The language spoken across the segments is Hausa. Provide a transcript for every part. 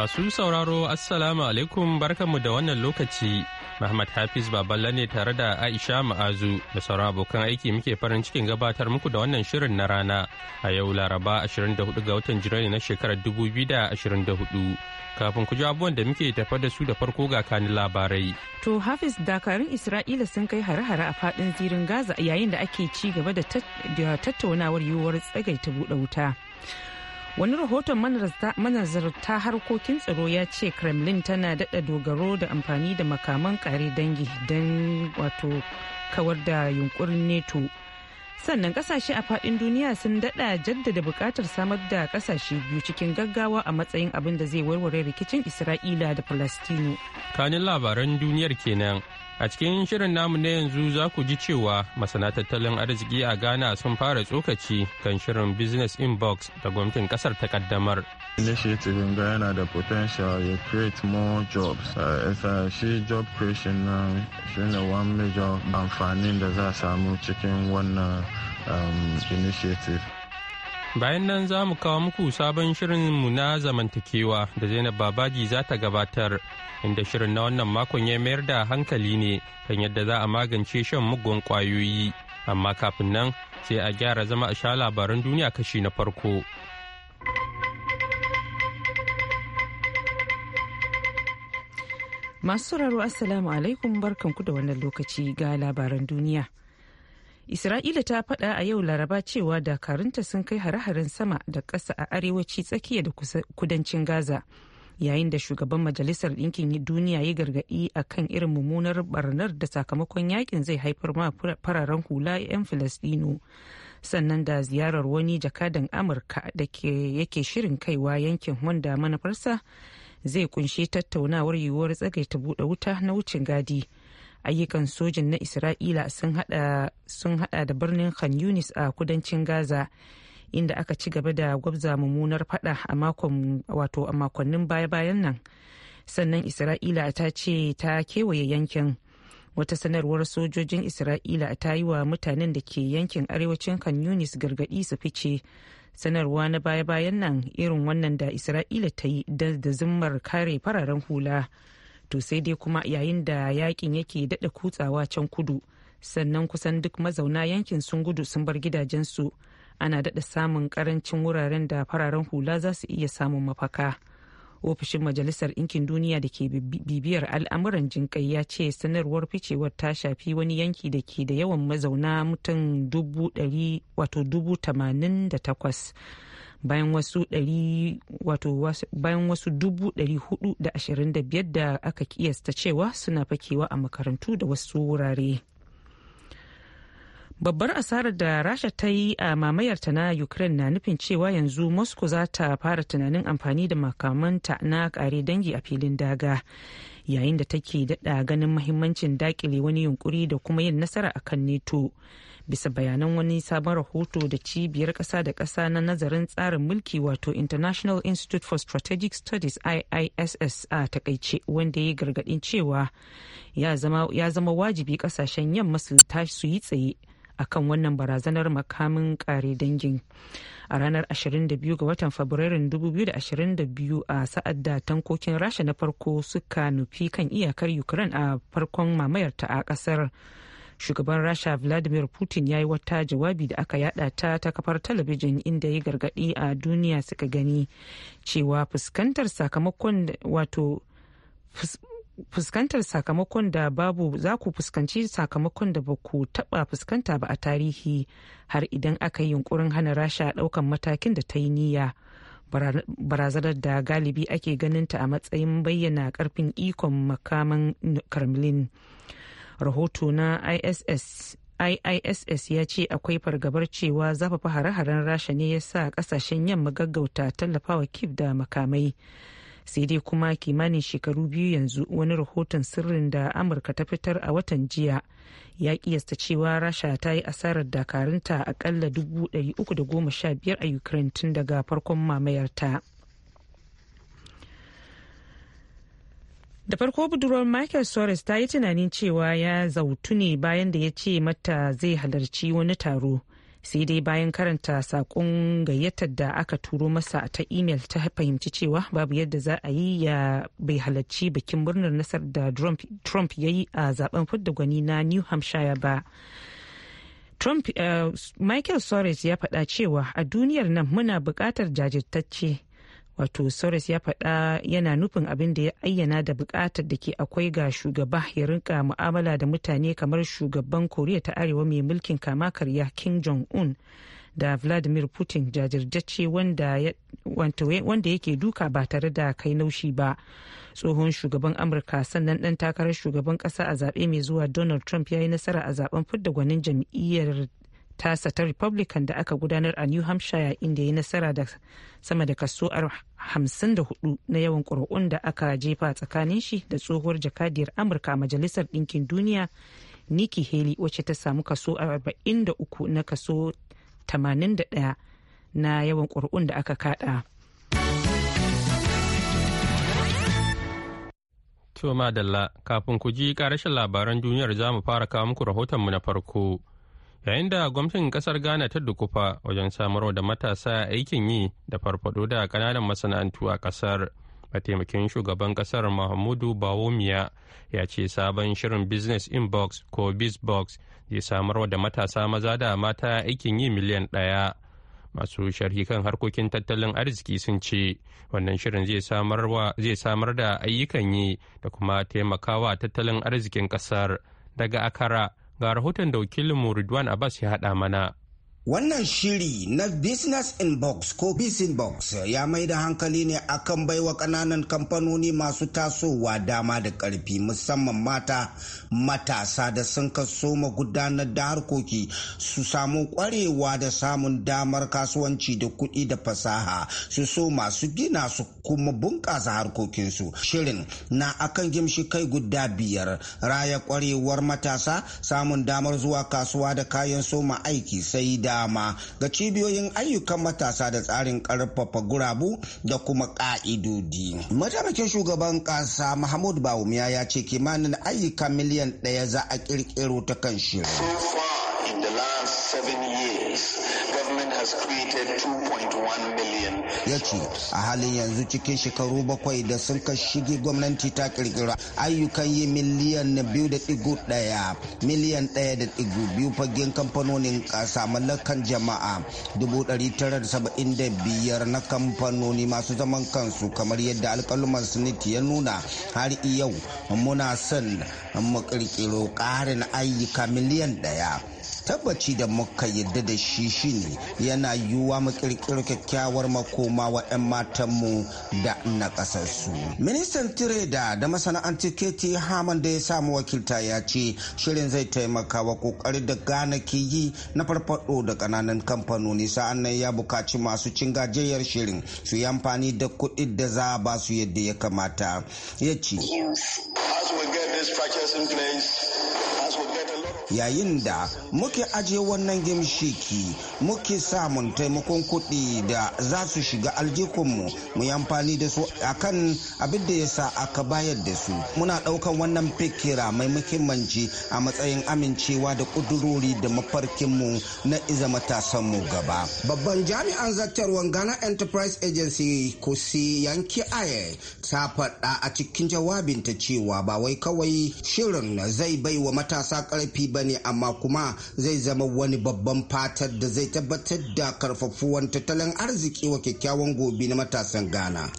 Masu sauraro Assalamu alaikum barkanmu da wannan lokaci. Muhammad Hafiz Baballa ne tare da Aisha Ma'azu da sauran abokan aiki muke farin cikin gabatar muku da wannan shirin na rana a yau Laraba 24 ga watan jirai na shekarar 2024. Kafin ku ji abubuwan da muke tafa da su da farko ga kani labarai. To Hafiz dakarun Isra'ila sun kai hare-hare a fadin zirin Gaza yayin da ake ci gaba da tattaunawar yiwuwar tsagaita buɗe wuta. wani rahoton manazarta harkokin tsaro ya ce kremlin tana daɗa dogaro da amfani da makaman kare dangi don wato kawar da yunkurin neto sannan kasashe a fadin duniya sun daɗa jaddada bukatar samar da kasashe biyu cikin gaggawa a matsayin abin da zai warware rikicin isra'ila da falastinu kanin labaran duniyar kenan A cikin shirin namu na yanzu za ku ji cewa masana tattalin arziki a Ghana sun fara tsokaci kan shirin Business Inbox da gwamnatin kasar ta kaddamar. Initiative in Ghana da potential ya create more jobs. Esa shi job creation na shi ne one major amfanin da za a samu cikin wannan um, initiative. Bayan nan za mu kawo muku sabon shirin mu na zamantakewa da Zainab Babaji za ta gabatar, inda shirin na wannan makon ya mayar da hankali ne kan yadda za a magance shan mugun kwayoyi. Amma kafin nan sai a gyara zama a sha labaran duniya kashi na farko. Masu sauraro Assalamu alaikum barkanku da wannan lokaci ga labaran duniya. Isra'ila ta faɗa a yau Laraba cewa dakarunta sun kai hare-haren sama da ƙasa a arewaci tsakiya da kudancin Gaza. Yayin da shugaban Majalisar Ɗinkin Duniya ya gargaɗi a kan irin mummunar barnar da sakamakon yakin zai haifar ma fararen hula 'yan Filistino. Sannan da ziyarar wani jakadan Amurka da yake shirin kaiwa yankin wanda manufarsa zai ƙunshi tattaunawar yiwuwar tsagaita buɗe wuta na wucin gadi. ayyukan sojin na isra'ila sun hada da birnin khan yunis a kudancin gaza inda aka ci gaba da gwabza mummunar fada a makonnin baya-bayan nan sannan isra'ila ta ce ta kewaye yankin wata sanarwar sojojin isra'ila ta yi wa mutanen da ke yankin arewacin khan yunis gargadi su fice sanarwa na baya-bayan nan irin wannan da isra'ila ta yi da zimmar kare fararen hula. to sai dai kuma yayin da yakin yake daɗa kutsawa can kudu sannan kusan duk mazauna yankin sun gudu sun bar gidajensu ana daɗa samun ƙarancin wuraren da fararen hula za su iya samun mafaka ofishin majalisar ɗinkin duniya da ke bibiyar al'amuran jinƙai ya ce sanarwar ficewar ta shafi wani yanki da ke da yawan mazauna mutum dubu takwas bayan wasu ɗari wato bayan wasu dubu ɗari hudu da ashirin da biyar da aka kiyasta cewa suna fakewa a makarantu da wasu wurare babbar asarar da rasha ta yi a mamayarta na ukraine na nufin cewa yanzu moscow za ta fara tunanin amfani da makamanta na kare dangi a filin daga yayin da take daɗa ganin mahimmancin daƙile wani yunkuri da kuma yin nasara akan neto. neto bisa bayanan wani sabon rahoto da cibiyar ƙasa da ƙasa na nazarin tsarin mulki wato international institute for strategic studies iiss a takaice wanda ya gargaɗin cewa ya zama wajibi ƙasashen yamma su su yi tsaye akan wannan barazanar makamin kare dangin a ranar 22 ga watan fabrairun 2022 a sa'ad da tankokin rasha na farko suka nufi kan iyakar ukraine a farkon mamayarta a kasar shugaban rasha vladimir putin ya yi wata jawabi da aka yada ta ta kafar talabijin inda ya gargadi a duniya suka gani cewa fuskantar sakamakon wato fuskantar sakamakon da babu za ku fuskanci sakamakon da ba ku taba fuskanta ba a tarihi har idan aka yi yunkurin hana rasha ɗaukan matakin da ta yi niyya barazanar da galibi ake ganinta a matsayin bayyana karfin ikon makaman kremlin rahoto na iss IISS ya ce akwai fargabar cewa zafafa hare-haren rasha ne ya sa kasashen yamma gaggauta tallafawa kif da makamai. Sai dai kuma kimanin shekaru biyu yanzu wani rahoton sirrin da Amurka ta fitar a watan jiya ya kiyasta cewa rasha ta yi asarar dakarunta akalla 315 a Ukraine tun daga farkon mamayarta. da farko budurwar michael soros ta yi tunanin cewa ya zautu ne bayan da ya ce mata zai halarci wani taro sai dai bayan karanta sakon gayyatar da aka turo masa ta imel ta fahimci cewa babu yadda za a yi ya bai halarci bikin murnar nasar da trump ya yi a zaben fudda gwani na new hampshire ba trump uh, michael soros ya faɗa cewa a duniyar nan muna buƙatar jajirtacce wato soros ya faɗa yana nufin abin da ya ayyana da buƙatar da ke akwai ga shugaba ya rinka mu'amala da mutane kamar shugaban koriya ta arewa mai mulkin kama karya king jong-un da vladimir putin jajirjacce wanda yake duka ba tare da kai naushi ba tsohon shugaban amurka sannan dan takarar shugaban kasa a zaɓe mai zuwa donald trump ya yi nasara a zaben fidda gwanin jam'iyyar tasa ta republican da aka gudanar a new hampshire inda ya nasara da sama da kaso 54 na yawan ƙuri'un da aka jefa tsakanin shi da tsohuwar jakadiyar amurka majalisar ɗinkin duniya nikki haley wacce ta samu kaso 43 na kaso 81 na yawan ƙuri'un da aka kada. To madalla kafin ku ji karashin labaran duniyar zamu fara kawo muku rahotonmu na farko. yayin da gwamnatin kasar ghana ta dukufa wajen samarwa da matasa aikin yi da farfado da kananan masana'antu a kasar mataimakin shugaban kasar mahmudu bawomiya ya ce sabon shirin business inbox ko bizbox zai samarwa da matasa maza da mata aikin yi miliyan ɗaya masu sharhi kan harkokin tattalin arziki sun ce wannan shirin zai samar da ayyukan yi da kuma taimakawa tattalin arzikin kasar daga akara ga rahoton da wakilinmu Ridwan Abbas ya haɗa mana. Wannan shiri na Business in Box ko in Box ya mai da hankali ne akan baiwa ƙananan kamfanoni masu tasowa dama da ƙarfi musamman mata matasa da sun kaso gudanar da harkoki su samu ƙwarewa da samun damar kasuwanci da kuɗi da fasaha su so masu gina su kuma bunƙasa harkokinsu. Shirin na akan gimshi kai guda biyar raya ƙwarewar matasa samun damar zuwa kasuwa da kayan soma aiki sai da dama ga cibiyoyin ayyukan matasa da tsarin karfafa gurabu da kuma ka'idodi. Mataimakin shugaban kasa Mahmud Bawumia ya ce kimanin ayyuka miliyan ɗaya za a ƙirƙiro ta kan shirin. So in the last seven years, ya ce a halin yanzu cikin shekaru bakwai da sun ka shige gwamnati ta kirkira ayyukan yi miliyan biyu da digo daya miliyan daya da digo biyu fagen kamfanonin kasa mallakan jama'a dubu dari tara da saba'in da biyar na kamfanoni masu zaman kansu kamar yadda alkaluman siniti ya nuna har yau muna son mu kirkiro karin ayyuka miliyan daya tabbaci da muka yadda da shi shine yana yiwuwa mu kirkiri kyakkyawar makoma wa 'yan matanmu da na ƙasarsu. ministan tireda da masana'antar keti haman da ya samu wakilta ya ce shirin zai taimaka wa kokari da gane ke yi na farfado da kananan kamfanoni sa'an nan ya bukaci masu cin gajiyar shirin su yi amfani da kuɗi da za a ba su yadda ya kamata ya ce yayin da muke ajiye wannan gimshiki muke samun taimakon kuɗi da za su shiga aljikunmu mu yi amfani da su akan abin da ya sa aka bayar da su muna ɗaukan wannan fikira mai muhimmanci a matsayin amincewa da ƙudurori da mafarkinmu na iza mu gaba babban jami'an zartarwar ghana enterprise agency kusi yanki aye ta faɗa a cikin jawabinta cewa ba wai kawai shirin zai bai wa matasa ƙarfi ba ba ne amma kuma zai zama wani babban fatar da zai tabbatar da karfafuwan tattalin arziki wa kyakkyawan gobe na matasan ghana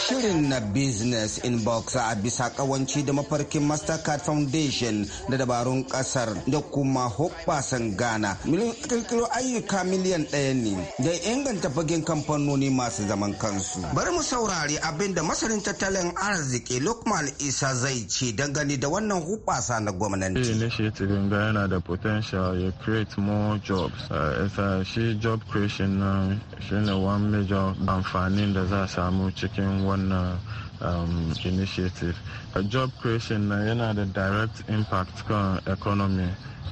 Shirin na Business Inbox a bisa kawanci da mafarkin Mastercard Foundation da dabarun kasar da kuma hoɓɓasan Ghana. Kirkiro ayyuka miliyan ɗaya ne da inganta fagen kamfanoni masu zaman kansu. Bari mu saurari abin da masarin tattalin arziki lokman Isa zai ce dangane da wannan hoɓɓasa na gwamnati. Initiative ghana da potential ya create more jobs. Uh, uh shi job creation uh, shi ne one major amfanin da za a samu cikin wannan um, initiative a job creation na yana da direct impact kan economy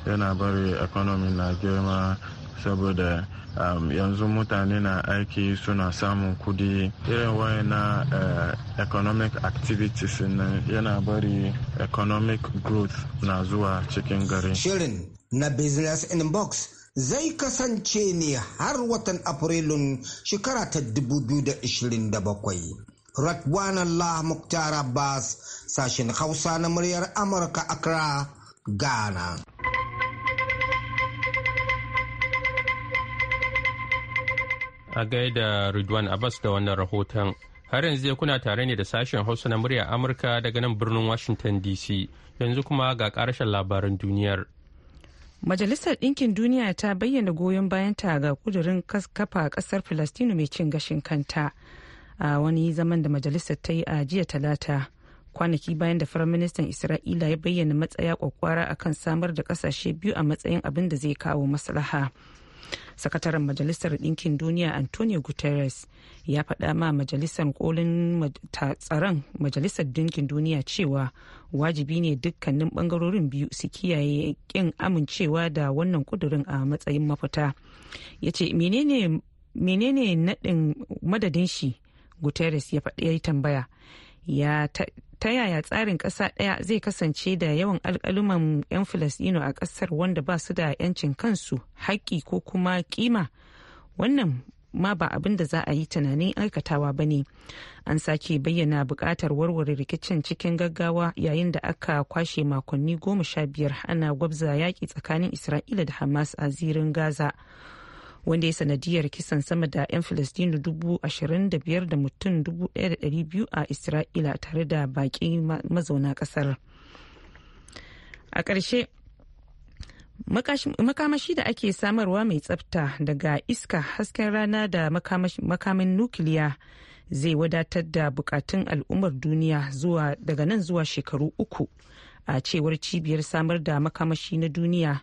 yana bari economy na girma saboda um, yanzu mutane na aiki suna samun kudi irin waye na uh, eh, economic activities na yana bari economic growth na zuwa cikin gari shirin na business in box zai kasance ne har watan Afrilun shekara ta 2027. bakwai, Allah Muktar Abbas sashen Hausa na muryar Amurka Accra, Ghana. A gaida Ridwan Abbas da wannan rahoton har yanzu kuna tare ne da sashen Hausa na muryar Amurka daga nan birnin Washington DC yanzu kuma ga ƙarashen labaran duniyar. Majalisar Ɗinkin Duniya ta bayyana goyon bayanta ga kudurin kafa kasar Falastinu mai cin gashin kanta a wani zaman da majalisar ta yi a jiya talata. Kwanaki bayan da Firaministan Isra'ila ya bayyana matsaya kwakwara akan samar da kasashe biyu a matsayin abin da zai kawo maslaha. sakataren majalisar ɗinkin duniya antonio guterres ya faɗa ma majalisar kolin tsaron majalisar ɗinkin duniya cewa wajibi ne dukkanin ɓangarorin biyu su kiyaye ƙin amincewa da wannan kudurin a matsayin mafita ya ce menene naɗin madadin shi guterres ya faɗi ya yi tambaya ya ta yaya tsarin ƙasa ɗaya zai kasance da yawan alƙaluman 'yan filistino a ƙasar wanda ba su da 'yancin kansu haƙƙi ko kuma kima wannan ma ba abin da za a yi tunanin aikatawa ba ne an sake bayyana bukatar warware rikicin cikin gaggawa yayin da aka kwashe makonni goma sha biyar ana gwabza yaƙi tsakanin isra'ila da hamas a zirin gaza wanda ya sanadiyar kisan sama da 'yan filistinu dubu ashirin da biyar da mutum dubu daya da dari biyu a isra'ila tare da baƙi mazauna kasar. a ƙarshe makamashi da ake samarwa mai tsafta daga iska hasken rana da makamin nukiliya zai wadatar da bukatun al'ummar duniya zuwa daga nan zuwa shekaru uku a cewar cibiyar samar da makamashi na duniya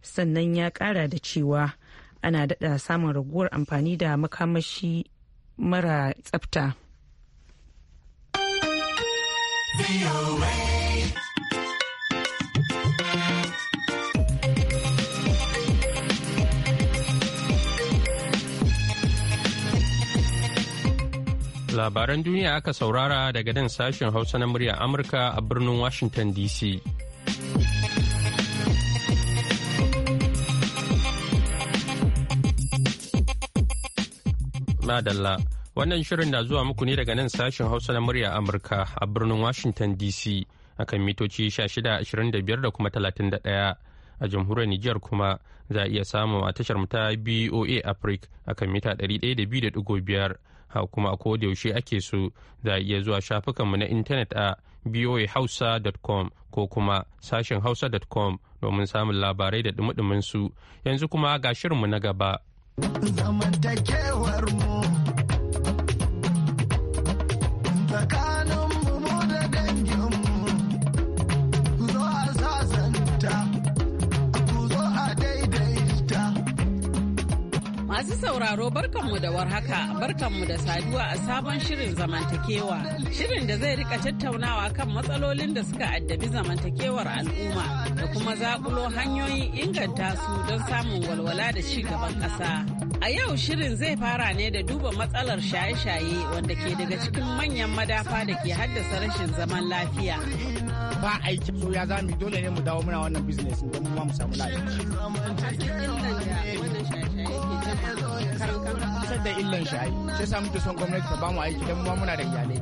sannan ya kara da cewa ana daɗa samun raguwar amfani da makamashi mara tsafta. Labaran duniya aka saurara daga nan sashen Hausa na murya Amurka a birnin Washington DC. dalla wannan shirin na zuwa muku ne daga nan sashen hausa na murya amurka a birnin washington dc akan mitoci 1625 da kuma 31 a jamhuriyar nijar kuma za a iya samu a tashar ta boa africa akan mita 102.5 ha kuma a yaushe ake so za a iya zuwa shafukanmu na intanet a boahausa.com ko kuma sashen hausa.com domin samun labarai da dumudumin su yanzu kuma ga shirinmu na gaba. zamantakewar mu. Zaka Masu sauraro barkanmu da warhaka, barkanmu da saduwa a sabon shirin zamantakewa. Shirin da zai rika tattaunawa kan matsalolin da suka addabi zamantakewar al'umma da kuma zakulo hanyoyin inganta su don samun walwala da ci gaban ƙasa. A yau shirin zai fara ne da duba matsalar shaye-shaye wanda ke daga cikin manyan madafa da ke haddasa rashin zaman lafiya. Ba aiki so ya zami dole ne mu dawo muna wannan business don mu samu lafiya. yake karkatar da illan shi ai sai sa muke son gwamnati ta bamu aiki dan ma muna da iyalai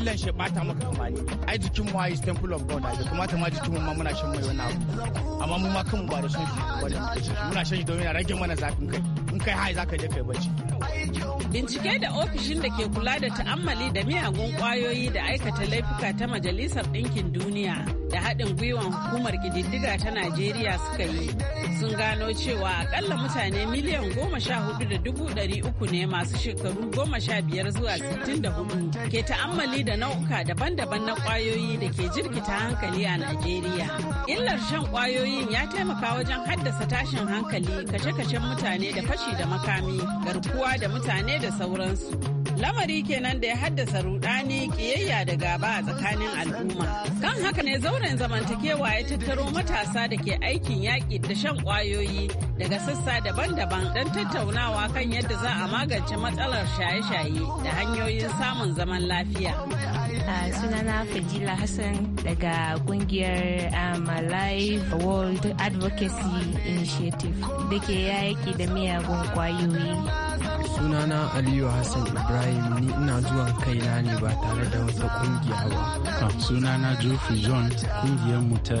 illan shi bata maka amfani ai jikin mu ai temple of god ai kuma ta ma jikin mu ma muna shan mai wannan abu amma mu ma kanmu ba da son shi muna shan shi domin rage mana zafin kai in kai hai zaka je kai bacci Bincike da ofishin da ke kula da ta'ammali da miyagun kwayoyi da aikata laifuka ta Majalisar Ɗinkin Duniya da haɗin gwiwan hukumar ƙididdiga ta Najeriya suka yi sun gano cewa akalla mutane miliyan goma sha hudu da dubu ɗari uku ne masu shekaru goma sha biyar zuwa sittin da hudu ke ta'ammali da nau'uka daban-daban na kwayoyi da ke jirkita hankali a Najeriya. Illar shan kwayoyin ya taimaka wajen haddasa tashin hankali kashe-kashen mutane da fashi da makami garkuwa da mutane da da sauransu. lamari kenan da ya haddasa rudani kiyayya da gaba a tsakanin al'umma kan haka ne zauren zamantakewa ya tattaro matasa da ke aikin yaƙi da shan ƙwayoyi daga sassa daban-daban don tattaunawa kan yadda za a magance matsalar shaye-shaye da hanyoyin samun zaman lafiya Uh, sunana Fadila Hassan daga kungiyar um, World Advocacy Initiative da ke yaƙi da miyagun ƙwayoyi. Sunana Aliyu Hassan Ibrahim. wallahi ni ina zuwa kaina ne ba tare da wata kungiya ba. Suna na Jofi John kungiyar mu ta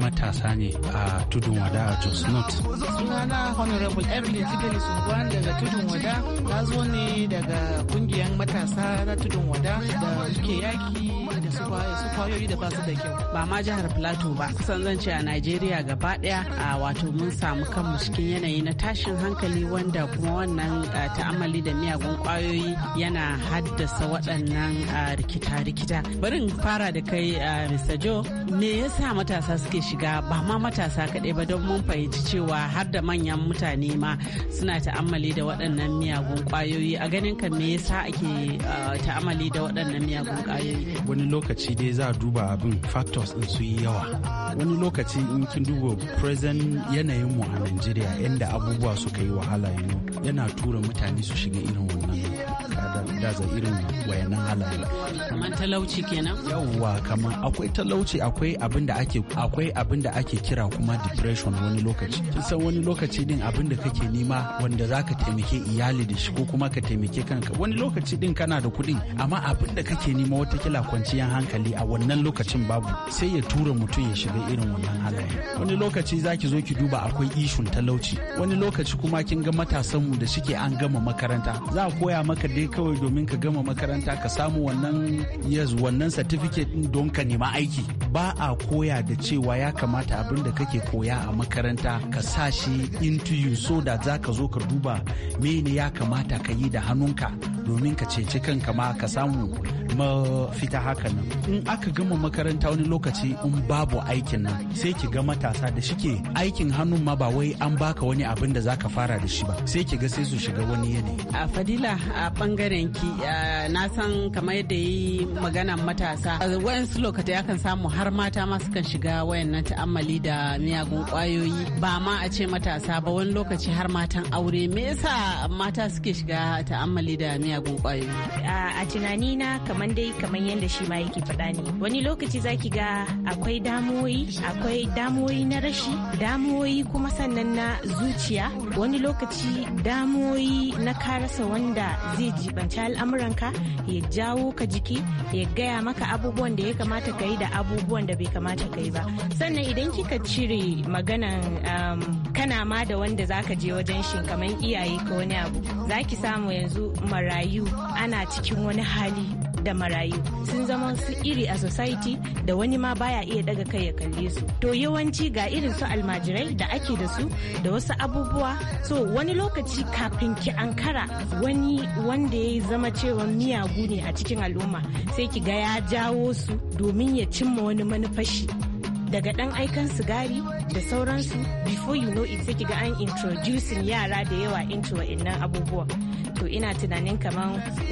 matasa ne a tudun wada a Jos North. Suna na Honorable Evelyn Sungwan daga tudun wada na zo ne daga kungiyar matasa na tudun wada da suke yaki da su kwayoyi da basu da kyau. Ba ma jihar Plateau ba kusan zan ce a Najeriya gaba daya a wato mun samu kanmu cikin yanayi na tashin hankali wanda kuma wannan eh, ta'amali da miyagun kwayoyi yana haddasa waɗannan ah, rikita-rikita. Barin fara da kai ah, Mr. Joe, me yasa matasa suke shiga ba ma matasa kaɗai ba don mun fahimci cewa har da manyan mutane ma suna ta'ammali da waɗannan miyagun ƙwayoyi a ganin ka me yasa ake ah, ta'amali da waɗannan miyagun ƙwayoyi. Wani lokaci dai za a duba abin factors ɗin su yi yawa. Wani lokaci in kin duba present yanayin mu a Najeriya inda abubuwa suka yi wahala yana tura mutane su shiga irin wannan yarda irin wayannan halaye kamar talauci kenan yawwa kamar akwai talauci akwai abin da ake akwai abin da ake kira kuma depression wani lokaci kin san wani lokaci din abin da kake nema wanda zaka taimake iyali da shi ko kuma ka taimake kanka wani lokaci din kana da kuɗin amma abin da kake nema kila kwanciyar hankali a wannan lokacin babu sai ya tura mutum ya shiga irin wannan halaye wani lokaci zaki zo ki duba akwai ishun talauci wani lokaci kuma kin ga matasanmu da suke an gama makaranta za a koya maka dai kawai domin ka gama makaranta ka samu wannan yes wannan certificate don ka nema aiki ba a koya da cewa ya kamata abin da kake koya a makaranta ka sa shi into you so da za ka zo ka duba ne ya kamata ka yi da hannunka domin ka cece kanka ma ka samu mafita hakan nan in aka gama makaranta wani lokaci in babu aikin nan sai ki ga matasa da shike aikin hannun ma ba wai an baka wani abin da zaka fara da shi ba sai ki ga sai su shiga wani yanayi a fadila a bangaren na san kamar yadda yi magana matasa wayansu lokata kan samu har mata ma kan shiga wayanna ta'ammali da miyagun kwayoyi ba ma a ce matasa ba wani lokaci har matan aure me yasa mata suke shiga ta'ammali da miyagun kwayoyi a tunani na kamar dai kamar yadda shi ma yake faɗa ne wani lokaci zaki ga akwai damuwoyi akwai damuwoyi na rashi damuwoyi kuma sannan na zuciya wani lokaci damuwoyi na karasa wanda zai jibanci al'amuranka ya jawo ka jiki ya gaya maka abubuwan da ya kamata ka yi da abubuwan da bai kamata ka yi ba sannan idan kika cire maganan um, kana ma da wanda zaka je wajen shi kamar iyaye ko wani abu zaki samu yanzu marayu ana cikin wani hali da marayu sun zama su iri a society da wani ma baya iya daga kai ya kalle su to yawanci ga irin su almajirai da ake da su da wasu abubuwa so wani lokaci kafin ki ankara wani wanda ya zama cewa miyagu ne a cikin al'umma sai ki ga ya jawo su domin ya cimma wani manufashi daga ɗan aikan sigari da sauransu before you know it sai ga an introducing yara da yawa into wa'annan abubuwa to ina tunanin kamar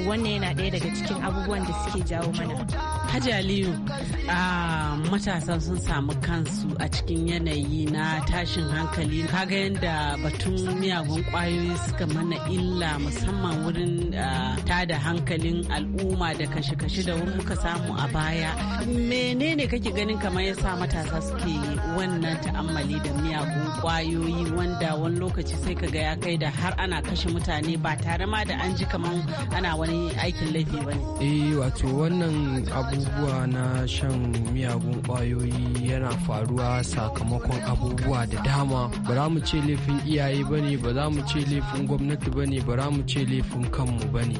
wannan yana ɗaya daga cikin abubuwan da suke jawo mana Hajji Aliyu a matasa sun samu kansu a cikin yanayi na tashin hankali kaga yadda batun miyagun kwayoyi suka mana illa musamman wurin ta da hankalin al'umma da kashe-kashe da wurin muka samu a baya menene kake ganin kamar ya sa matasa haske wannan ta'ammali da miyagun kwayoyi wanda wani lokaci sai ka ga ya kai da har ana kashe mutane ba tare ma da an ji kamar ana wani aikin laifi ba ne. Eh wato wannan abubuwa na shan miyagun kwayoyi yana faruwa sakamakon abubuwa da dama ba za mu ce laifin iyaye ba ne ba za mu ce laifin gwamnati ba ne ba za mu ce laifin kanmu ba ne.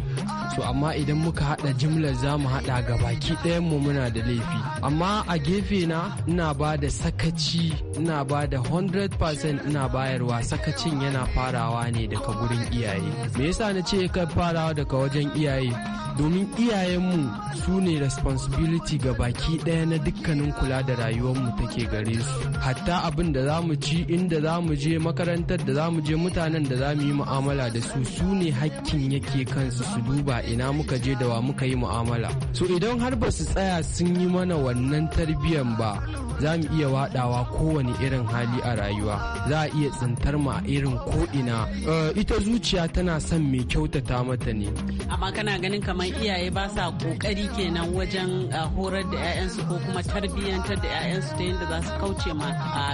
So amma idan muka haɗa jimlar za mu haɗa baki ɗayan mu muna da laifi amma a gefe na ina ba da sakaci ina ba da 100% ina bayarwa sakacin yana farawa ne daga gurin iyaye me yasa na ce ka farawa daga wajen iyaye domin iyayenmu su ne responsibility ga baki ɗaya na dukkanin kula da rayuwarmu take gare su hatta abin da za mu ci inda za mu je makarantar da za mu je mutanen da za mu yi mu'amala da su su ne hakkin yake kansu su duba ina muka je da wa muka yi mu'amala so idan har ba su tsaya sun yi mana wannan tarbiyyar ba za mu iya wadawa kowane irin hali a rayuwa za a iya tsintar ma a irin ko'ina eh, ita zuciya tana son mai kyautata mata ne amma kana ganin kamar iyaye ba sa kokari kenan wajen eh, horar da 'ya'yansu ko kuma tarbiyyantar da 'ya'yansu ta yadda za su kauce ma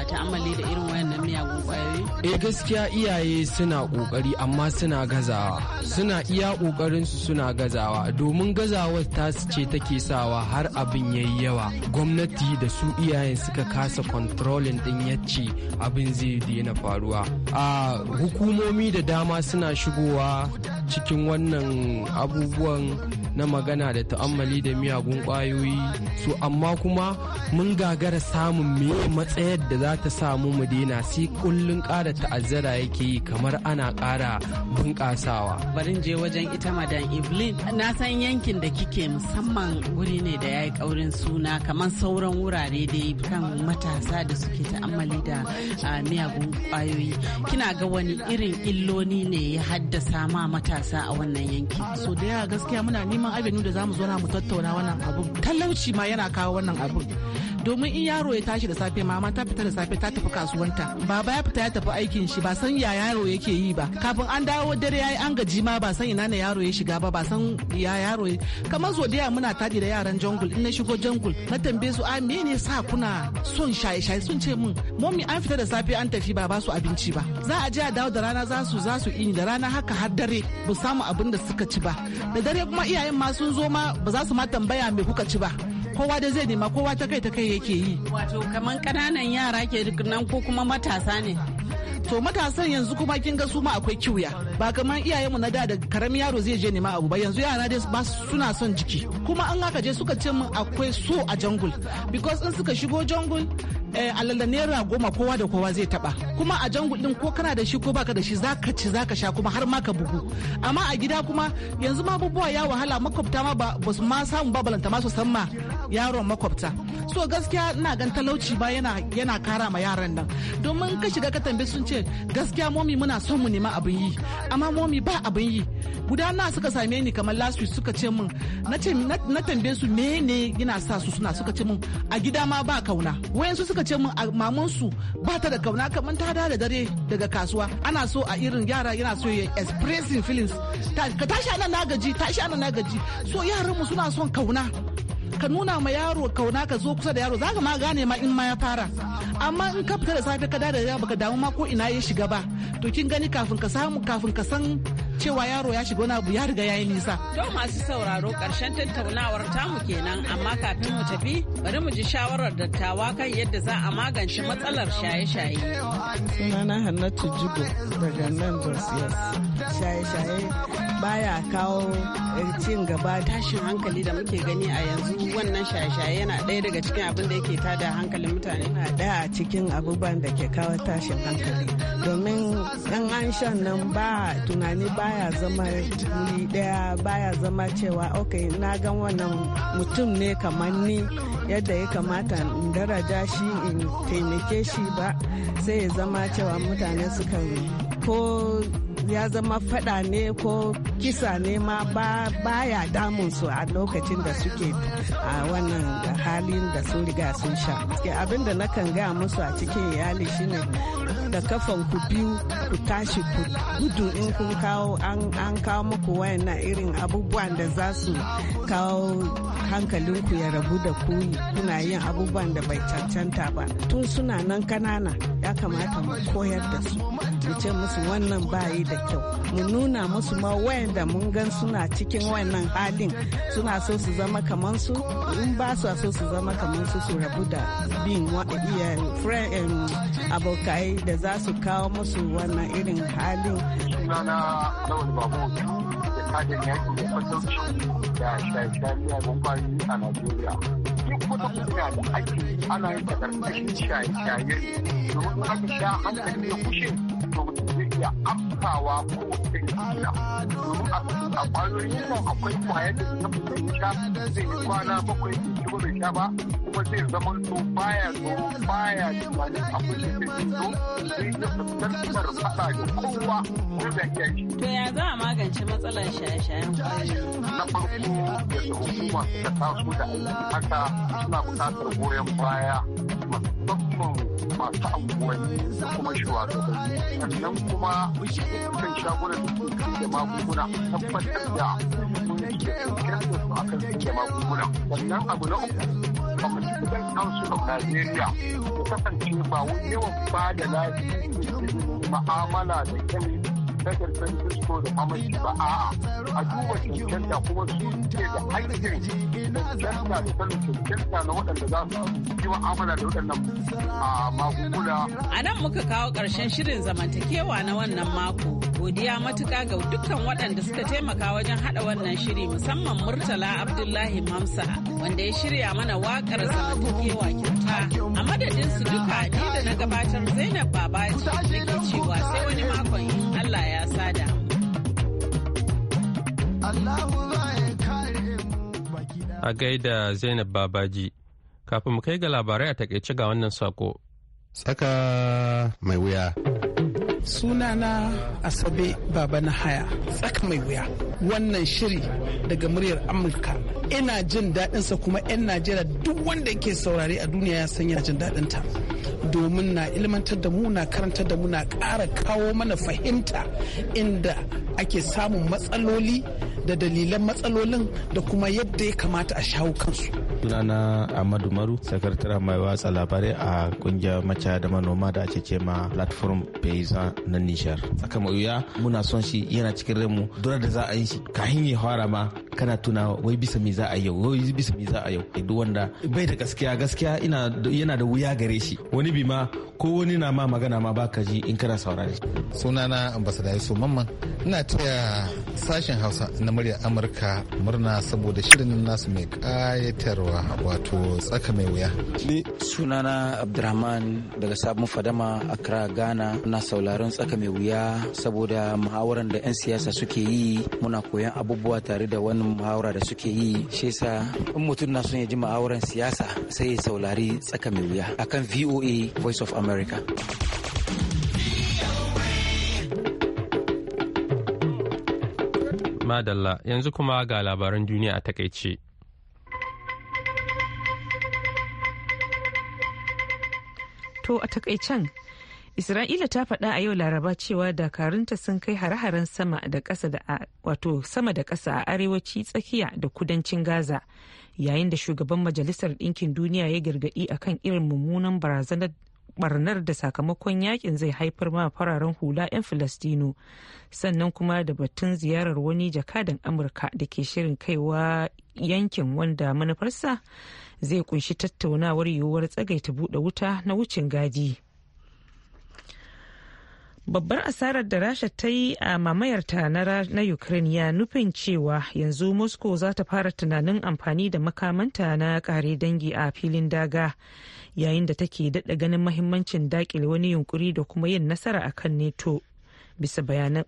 ta'ammali da irin wayannan miyagun kwayoyi eh gaskiya iyaye suna kokari amma suna gazawa suna iya kokarin su suna gazawa domin gazawar ta ce take sawa har abin yayi yawa gwamnati da su iyayen suka kasa kontrolin din yacce abin zai daina faruwa a hukumomi da dama suna shigowa cikin wannan abubuwan na magana da ta'ammali da miyagun kwayoyi su amma kuma mun gagara samun me matsayar da za ta samu mu daina sai kullun kara ta'azzara yake yi kamar ana kara bunƙasawa barin je wajen ita madan evelyn na san yankin da kike musamman wuri ne da yayi yi ƙaurin suna kamar sauran wurare da kan matasa da suke ta'ammali da ah, miyagun kwayoyi kina ga wani irin illoni ne ya haddasa ma matasa matasa a wannan yanki so da yawa gaskiya muna neman abinu da zamu zo na mu tattauna wannan abun talauci ma yana kawo wannan abun domin in yaro ya tashi da safe mama ta fita da safe ta tafi kasuwanta baba ya fita ya tafi aikin shi ba san ya yaro yake yi ba kafin an dawo dare yayi an gaji ma ba san ina ne yaro ya shiga ba ba san ya yaro kamar da muna tadi da yaran jungle in na shigo jungle na tambaye su a me ne sa kuna son shaye shaye sun ce min mommy an fita da safe an tafi ba ba su abinci ba za a je a dawo da rana za su za su da rana haka har dare ba samu abin da suka ci ba da dare kuma iyayen ma sun zo ma ba za su ma tambaya me kuka ci ba kowa da zai nema kowa ta kai ta kai yake yi wato kaman kananan yara ke nan ko kuma matasa ne to matasan yanzu kuma kin ga su ma akwai kiwuya ba kamar iyayenmu na da da karamin yaro zai je nema abu ba yanzu yara dai ba suna son jiki kuma an aka je suka ce min akwai so a jangul because in suka shigo jangul Eh, alalla naira goma kowa da kowa zai taba kuma a jangu din ko kana da shi ko baka da shi zaka ci zaka sha kuma har ma ka bugu amma a gida kuma yanzu ma abubuwa ya wahala makwabta ma ba su ma samu ba balanta ma su san ma yaron makwabta so gaskiya ina gan talauci ba yana yana kara ma yaran nan domin ka shiga ka tambi sun ce gaskiya momi muna son mu nema abin yi amma momi ba abin yi guda na suka same ni kamar last week suka ce min na ce tambaye su mene yana sa su suna suka ce min a gida ma ba kauna wayansu suka ce min a maman su ba ta da kauna kamar ta da dare daga kasuwa ana so a irin yara yana so ya expressing feelings ka tashi anan na gaji tashi anan na gaji so yaran mu suna son kauna ka nuna ma yaro kauna ka zo kusa da yaro zaka ma gane ma in ma ya fara amma in ka fita da safe ka da ya baka damu ma ko ina ya shiga ba to kin gani kafin ka samu kafin ka san cewa yaro ya shiga wani abu ya riga ya yi nisa. To masu sauraro karshen tattaunawar tamu kenan amma kafin mu tafi bari mu ji shawarar dattawa kan yadda za a magance matsalar shaye-shaye. Sunana Hannatu Jigo daga nan Jos shaye-shaye baya kawo cin gaba tashin hankali da muke gani a yanzu wannan shaye-shaye yana ɗaya daga cikin abin da yake tada hankalin mutane na ɗaya a cikin abubuwan da ke kawo tashin hankali domin ɗan an shan nan ba tunani baya zama wuri ɗaya baya zama cewa ok na gan wannan mutum ne kamar ni yadda ya kamata in daraja shi in taimake shi ba sai ya zama cewa mutane suka ko ya zama fada ne ko kisa ne ma baya damun su a lokacin da suke a wannan halin da sun riga sun sha abin da na kan gaya musu a cikin iyali shine da kafan ku biyu ku tashi ku gudu in kun kawo an kawo muku wayannan irin abubuwan da za su kawo hankalinku ya rabu da ku kuna yin abubuwan da bai cancanta ba tun suna nan kanana ya kamata mu koyar da su mu ce musu wannan bayi da kyau mu nuna musu ma wayanda mun gan suna cikin wannan halin suna so su zama kamar su in ba su so su zama kamar su su rabu da bin abokai da za su kawo musu wannan irin halin da yaki da fasauci da shaye-shaye a Najeriya. duk wata hanya da ake ana yin ta ƙarƙashin shaye-shaye domin aka sha hankali da kushin to mutum zai iya shafawa ko ina a kwayoyin nan akwai kwaya da ta mutum sha zai yi kwana bakwai shi ba sha ba kuma zai zama to baya zo baya wani abin da zai zo zai da fuskantar fada da kowa ko da ke shi. To ya za a magance matsalar shaye-shayen kwayoyi? Na farko da hukuma ta taso da haka suna buƙatar goyon baya musamman masu anguwanni kuma shuwa da kuma kan shagunan da ke kan da magunguna tabbatar da mun ke kan da su akan da magunguna wannan abu na uku Kwamitin Council of Nigeria ya kasance ba wani yawan ba da lafiya ma'amala da kyan a nan muka kawo ƙarshen shirin zamantakewa na wannan mako. Godiya matuka ga dukkan waɗanda suka taimaka wajen haɗa wannan shiri musamman Murtala Abdullahi Mamsa wanda ya shirya mana wakar zamantakewa kyauta. A madadin su duka ni da na gabatar Zainab Babaji da ke cewa sai wani makon A gaida Zainab Babaji, kafin mu kai ga labarai a takaice ga wannan sako. Tsaka mai wuya. sunana asabe baba na haya tsaka mai wuya wannan shiri daga muryar amurka ina jin daɗinsa kuma 'yan najeriya duk wanda yake saurari a duniya ya san yana jin daɗinta domin na ilmantar da mu na karantar da mu na ƙara kawo mana fahimta inda ake samun matsaloli da dalilan matsalolin da kuma yadda ya kamata a shawo kansu. Sunana Ahmadu Maru, sakataren mai watsa labarai a kungiyar maca da manoma da ake ce ma platform Paysa na Nishar. Saka mai wuya muna son shi yana cikin ranmu dole da za a yi shi kahin ya fara ma kana tuna wai bisa me za a yau wai bisa me za a yau duk wanda bai da gaskiya gaskiya ina yana da wuya gare shi wani bi ma ko wani na ma magana ma baka ji in kana saurari. sunana ambassador Yusuf Mamman ina taya sashen Hausa na muryar Amurka murna saboda shirin nasu mai kayatarwa wato tsaka mai wuya ni sunana Abdurrahman daga Sabon Fadama Accra Ghana na sauraron tsaka mai wuya saboda muhawaran da 'yan siyasa suke yi muna koyan abubuwa tare da wani da suke yi shi yasa in mutum na son ya ji ma'auran siyasa sai ya saurari tsaka mai wuya akan VOA Voice of America. Madalla yanzu kuma ga labaran duniya a takaice. To a takaicen Isra'ila ta faɗa a yau Laraba cewa dakarunta sun kai hare-haren sama da ƙasa da wato sama da ƙasa a arewaci tsakiya da kudancin Gaza yayin da shugaban Majalisar Ɗinkin Duniya ya gargaɗi akan irin mummunan barazanar barnar da sakamakon yakin zai haifar ma fararen hula 'yan filistino sannan kuma da batun ziyarar wani jakadan amurka da ke shirin kaiwa yankin wanda manufarsa zai kunshi tattaunawar yiwuwar tsagaita buɗe wuta na wucin gadi. babbar asarar da rasha ta yi a mamayarta na ukraine ya nufin cewa yanzu moscow za ta fara tunanin amfani da makamanta na kare dangi a filin daga yayin da take daɗa ganin mahimmancin dakile wani yunkuri da kuma yin nasara a kan neto bisa bayanan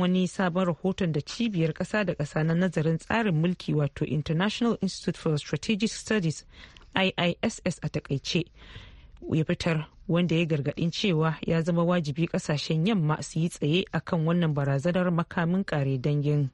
wani sabon rahoton da cibiyar ƙasa da ƙasa na nazarin tsarin mulki wato international institute for strategic studies iiss a takaice ya fitar wanda ya gargadin cewa ya zama wajibi kasashen yamma su yi tsaye akan wannan barazanar makamin kare dangin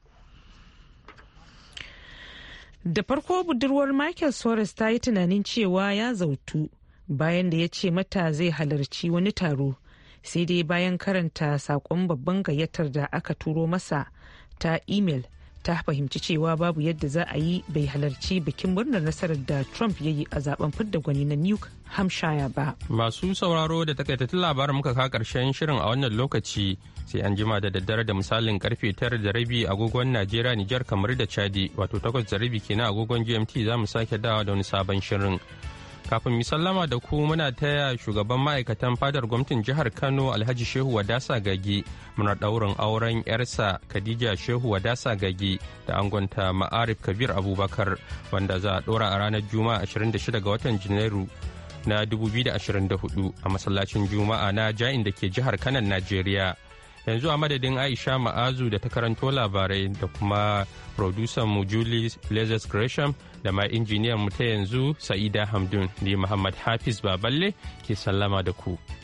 da farko budurwar michael soros ta yi tunanin cewa ya zautu bayan da ya ce mata zai halarci wani taro sai dai bayan karanta sakon babban gayyatar da aka turo masa ta imel ta fahimci cewa babu yadda za a yi bai halarci bikin murnar nasarar da trump ya yi a zaben fidda gwani na new hampshire ba masu sauraro da takaitattun labarin muka ka karshen shirin a wannan lokaci sai an jima da daddare da misalin karfe tara da rabi agogon najeriya nijar kamar da chadi wato takwas da rabi kenan agogon gmt za mu sake dawa da wani sabon shirin Kafin mi sallama da ku muna taya shugaban ma'aikatan fadar gwamnatin jihar Kano Alhaji Shehu Wadasa Gage. muna ɗaurin auren 'yarsa Khadija Shehu Wadasa Gage da angonta Ma'arif Kabir Abubakar wanda za a ɗora a ranar Juma'a 26 ga watan Janairu na 2024 a masallacin Juma'a na Ja'in da ke jihar Kanan Najeriya. yanzu a madadin aisha ma'azu da ta karanto labarai da kuma mu julie lazarus gresham da ma injiniyan mu ta yanzu Sa'ida Hamdun ne Muhammad Hafiz Baballe ke sallama da ku.